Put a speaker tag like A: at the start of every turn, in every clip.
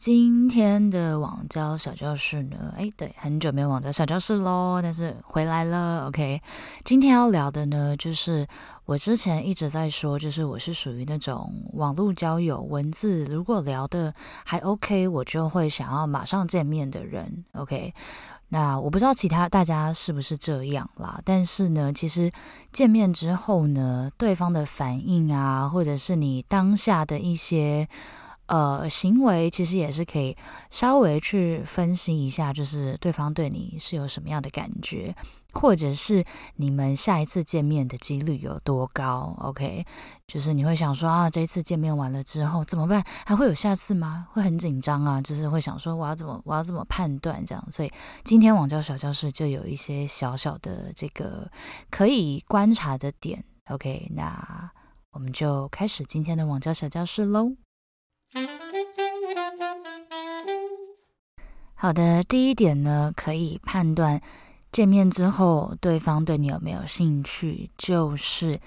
A: 今天的網交小教室呢？誒，對，很久沒有網交小教室嘍，但是回來了。OK，今天要聊的呢，就是我之前一直在說，就是我是屬於那種網絡交友，文字如果聊得還 OK，我就會想要馬上見面的人。OK，那我不知道其他大家是不是這樣啦，但是呢，其實見面之後呢，對方的反應啊，或者是你當下的一些。呃，行為其實也是可以稍微去分析一下，就是對方對你是有什麼樣的感覺，或者是你們下一次見面的幾率有多高？OK，就是你會想說啊，這一次見面完了之後怎麼辦？還會有下次嗎？會很緊張啊，就是會想說我要怎麼，我要怎麼判斷這樣？所以今天網交小教室就有一些小小的這個可以觀察的點。OK，那我們就開始今天的網交小教室嘍。好的，第一點呢，可以判斷見面之後對方對你有沒有興趣，就是。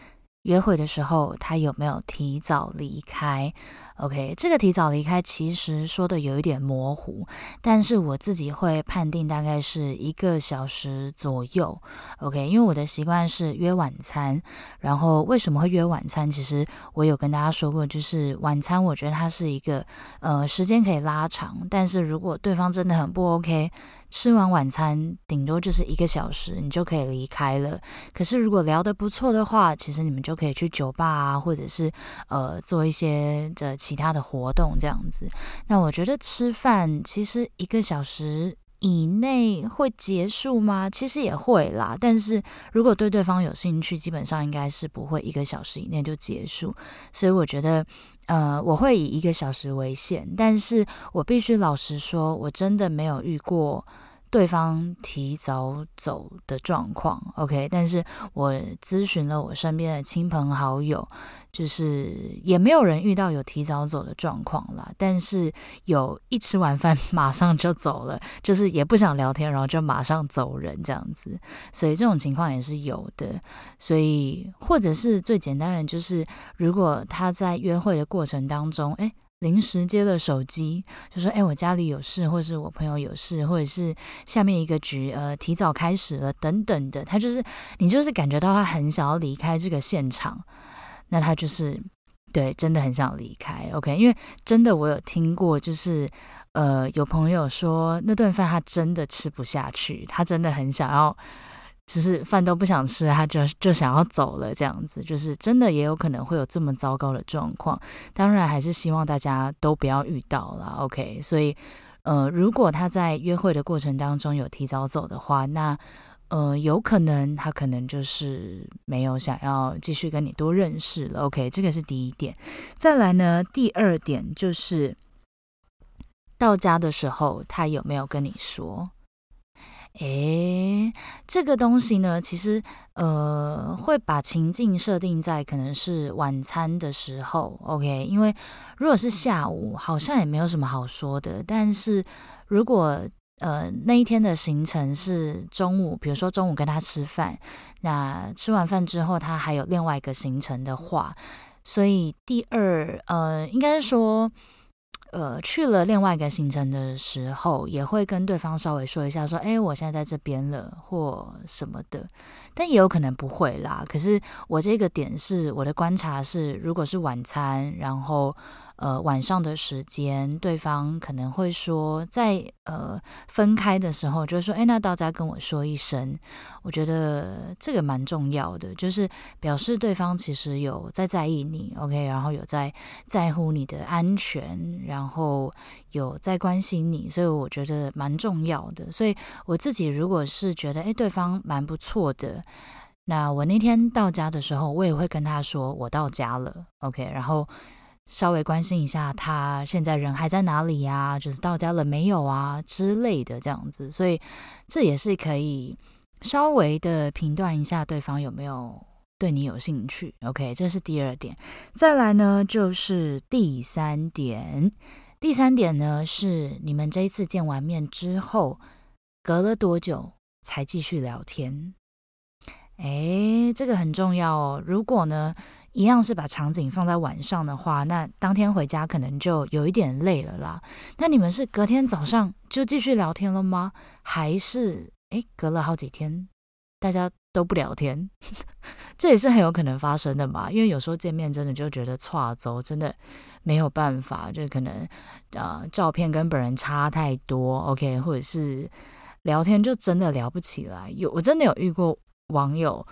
A: 約會的時候，他有沒有提早離開？OK，這個提早離開其實說的有一點模糊，但是我自己會判定大概是一個小時左右。OK，因為我的習慣是約晚餐，然後為什麼會約晚餐？其實我有跟大家說過，就是晚餐我覺得它是一個呃時間可以拉長，但是如果對方真的很不 OK。吃完晚餐，頂多就是一個小時，你就可以離開了。可是如果聊得不錯的話，其實你們就可以去酒吧啊，或者是呃做一些的、呃、其他的活動這樣子。那我覺得吃飯其實一個小時以內會結束嗎？其實也會啦，但是如果對對方有興趣，基本上應該是不會一個小時以內就結束。所以我覺得，呃，我會以一個小時為限，但是我必須老實說，我真的沒有遇過對方提早走的狀況，OK，但是我諮詢了我身邊的親朋好友，就是也沒有人遇到有提早走的狀況啦。但是有一吃完飯馬上就走了，就是也不想聊天，然後就馬上走人這樣子，所以這種情況也是有的。所以或者是最簡單的，就是如果他在約會的過程當中，誒。臨時接了手機，就說：“哎，我家裡有事，或者是我朋友有事，或者是下面一個局呃提早開始了，等等的。”他就是你，就是感覺到他很想要離開這個現場，那他就是對，真的很想離開。OK，因為真的我有聽過，就是呃有朋友說那頓飯他真的吃不下去，他真的很想要。只，就是飯都不想吃，他就就想要走了，這樣子就是真的也有可能會有這麼糟糕的狀況。當然還是希望大家都不要遇到啦 OK，所以呃，如果他在約會的過程當中有提早走的話，那呃，有可能他可能就是沒有想要繼續跟你多認識了。OK，這個是第一點。再來呢，第二點就是到家的時候他有沒有跟你說？哎，這個東西呢，其實呃，會把情境設定在可能是晚餐的時候，OK？因為如果是下午，好像也沒有什麼好說的。但是如果呃那一天的行程是中午，比如說中午跟他吃飯，那吃完飯之後他還有另外一個行程的話，所以第二呃，應該說。呃，去了另外一個行程的時候，也會跟對方稍微說一下，說，誒，我現在在這邊了，或什麼的，但也有可能不會啦。可是我這個點是，我的觀察是，如果是晚餐，然後。呃，晚上的時間，對方可能會說，在呃分開的時候，就是說，誒，那到家跟我說一聲，我覺得這個蠻重要的，就是表示對方其實有在在意你，OK，然後有在在乎你的安全，然後有在關心你，所以我覺得蠻重要的。所以我自己如果是覺得，誒，對方蠻不錯的，那我那天到家的時候，我也會跟他說，我到家了，OK，然後。稍微關心一下他現在人還在哪裡呀？就是到家了沒有啊之類的這樣子，所以這也是可以稍微的評斷一下對方有沒有對你有興趣。OK，這是第二點。再來呢，就是第三點。第三點呢是你們這一次見完面之後，隔了多久才繼續聊天？誒，這個很重要哦。如果呢？一樣是把場景放在晚上的話，那當天回家可能就有一點累了啦。那你們是隔天早上就繼續聊天了嗎？還是誒，隔了好幾天大家都不聊天？ 這也是很有可能發生的嘛。因為有時候見面真的就覺得差走真的沒有辦法，就可能呃照片跟本人差太多。OK，或者是聊天就真的聊不起來。有我真的有遇過網友。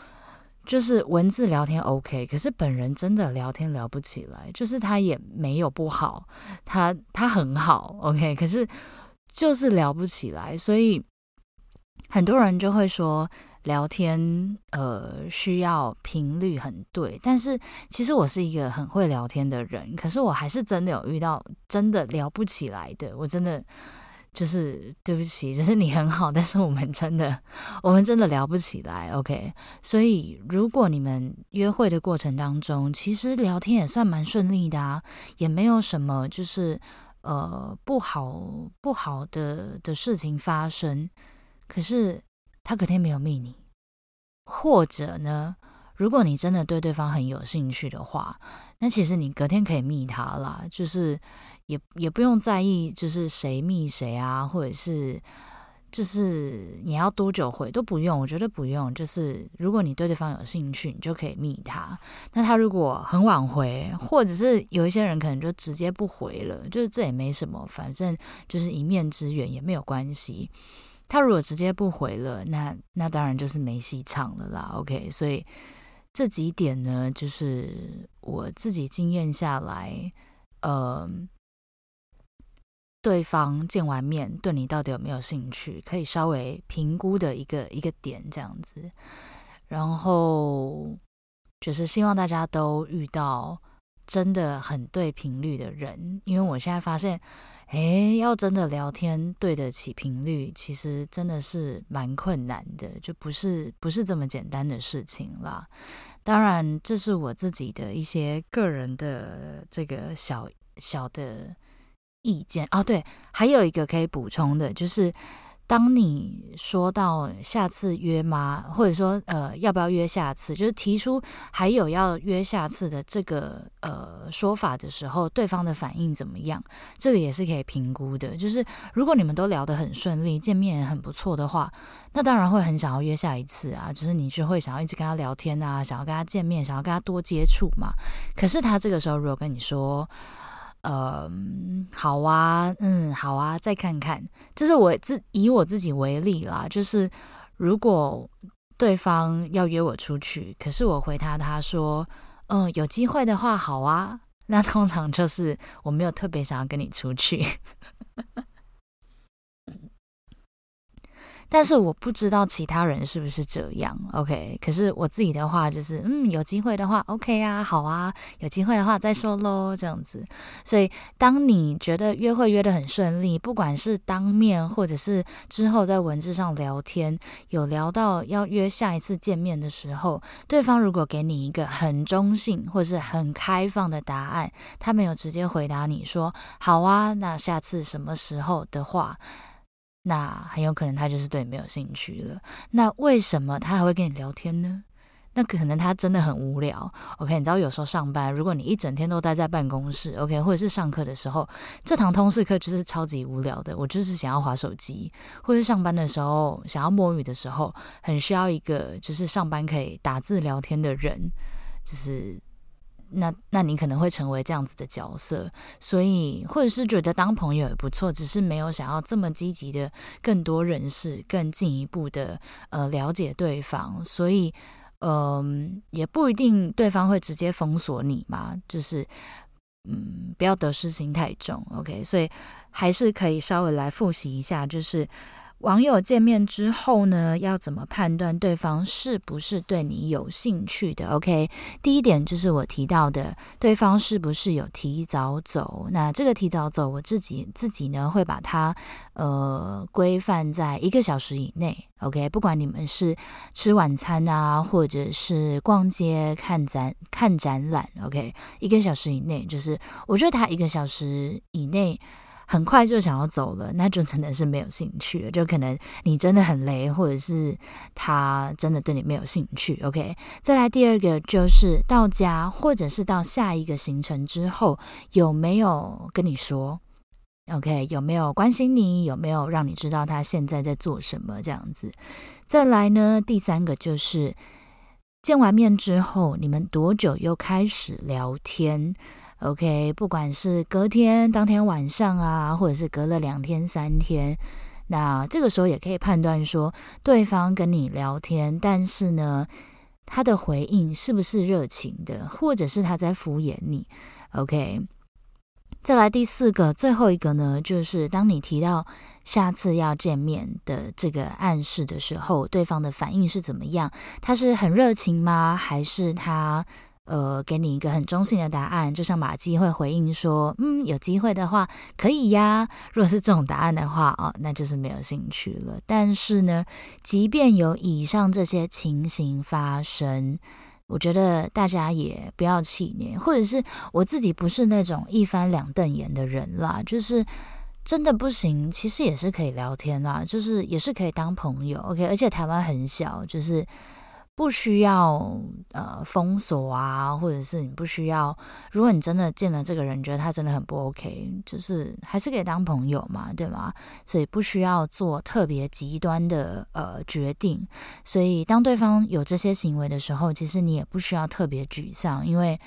A: 就是文字聊天 OK，可是本人真的聊天聊不起來。就是他也沒有不好，他他很好 OK，可是就是聊不起來。所以很多人就會說聊天呃需要頻率很對，但是其實我是一個很會聊天的人，可是我還是真的有遇到真的聊不起來的，我真的。就是對不起，就是你很好，但是我們真的，我們真的聊不起來，OK？所以如果你們約會的過程當中，其實聊天也算蠻順利的啊，也沒有什麼就是呃不好不好的的事情發生，可是他肯定沒有密你，或者呢？如果你真的對對方很有興趣的話，那其實你隔天可以密他啦，就是也也不用在意，就是誰密誰啊，或者是就是你要多久回都不用，我覺得不用。就是如果你對對方有興趣，你就可以密他。那他如果很晚回，或者是有一些人可能就直接不回了，就是這也沒什麼，反正就是一面之緣也沒有關係。他如果直接不回了，那那當然就是沒戲唱了啦。OK，所以。這幾點呢，就是我自己經驗下來，呃，對方見完面，對你到底有沒有興趣，可以稍微評估的一個一個點這樣子。然後就是希望大家都遇到真的很對頻率的人，因為我現在發現，誒、欸，要真的聊天對得起頻率，其實真的是蠻困難的，就不是不是這麼簡單的事情啦。當然，這、就是我自己的一些個人的這個小小的意見哦。對，還有一個可以補充的就是。當你說到下次約嗎？或者說呃要不要約下次，就是提出還有要約下次的這個呃說法的時候，對方的反應怎麼樣？這個也是可以評估的。就是如果你們都聊得很順利，見面也很不錯的話，那當然會很想要約下一次啊。就是你就會想要一直跟他聊天啊，想要跟他見面，想要跟他多接觸嘛。可是他這個時候如果跟你說，嗯，好啊，嗯，好啊，再看看。就是我自以我自己為例啦，就是如果對方要約我出去，可是我回答他，他說，嗯，有機會的話，好啊。那通常就是我沒有特別想要跟你出去。 但是我不知道其他人是不是這樣，OK？可是我自己的話就是，嗯，有機會的話，OK 啊，好啊，有機會的話再說嘍，這樣子。所以，當你覺得約會約得很順利，不管是當面或者是之後在文字上聊天，有聊到要約下一次見面的時候，對方如果給你一個很中性或者是很開放的答案，他沒有直接回答你說“好啊”，那下次什麼時候的話。那很有可能他就是對你沒有興趣了。那為什麼他還會跟你聊天呢？那可能他真的很無聊。OK，你知道有時候上班，如果你一整天都待在辦公室，OK，或者是上課的時候，這堂通識課就是超級無聊的。我就是想要滑手機，或者是上班的時候想要摸魚的時候，很需要一個就是上班可以打字聊天的人，就是。那，那你可能會成為這樣子的角色，所以或者是覺得當朋友也不錯，只是沒有想要這麼積極的更多認識、更進一步的呃了解對方，所以嗯、呃，也不一定對方會直接封鎖你嘛，就是嗯，不要得失心太重，OK，所以還是可以稍微來複習一下，就是。網友見面之後呢，要怎麼判斷對方是不是對你有興趣的？OK，第一點就是我提到的，對方是不是有提早走？那這個提早走，我自己自己呢，會把它，呃，規範在一個小時以內。OK，不管你們是吃晚餐啊，或者是逛街看展、看展覽，OK，一個小時以內，就是我覺得他一個小時以內。很快就想要走了，那就真的是沒有興趣了。就可能你真的很累，或者是他真的對你沒有興趣。OK，再來第二個就是到家，或者是到下一個行程之後，有沒有跟你說？OK，有沒有關心你？有沒有讓你知道他現在在做什麼？這樣子。再來呢，第三個就是見完面之後，你們多久又開始聊天？OK，不管是隔天、當天晚上啊，或者是隔了兩天、三天，那這個時候也可以判斷說，對方跟你聊天，但是呢，他的回應是不是熱情的，或者是他在敷衍你？OK，再來第四個、最後一個呢，就是當你提到下次要見面的這個暗示的時候，對方的反應是怎麼樣？他是很熱情嗎？還是他？呃，給你一個很中性的答案，就像瑪姬會回應說：“嗯，有機會的話可以呀。”如果是這種答案的話，哦，那就是沒有興趣了。但是呢，即便有以上這些情形發生，我覺得大家也不要氣餒，或者是我自己不是那種一翻兩瞪眼的人啦，就是真的不行，其實也是可以聊天啦，就是也是可以當朋友。OK，而且台灣很小，就是。不需要呃封鎖啊，或者是你不需要。如果你真的見了這個人，覺得他真的很不 OK，就是還是可以當朋友嘛，對嗎？所以不需要做特別極端的呃決定。所以當對方有這些行為的時候，其實你也不需要特別沮喪，因為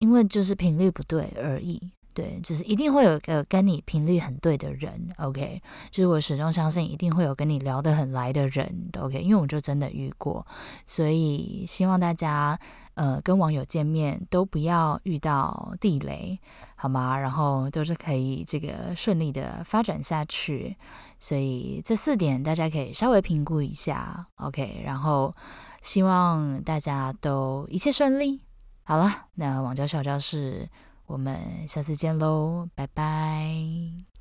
A: 因為就是頻率不對而已。對，就是一定會有個跟你頻率很對的人，OK。就是我始終相信，一定會有跟你聊得很來的人，OK。因為我就真的遇過，所以希望大家，呃，跟網友見面都不要遇到地雷，好嗎？然後都是可以這個順利的發展下去。所以這四點大家可以稍微評估一下，OK。然後希望大家都一切順利。好了，那網交小教室，我們下次見嘍，拜拜。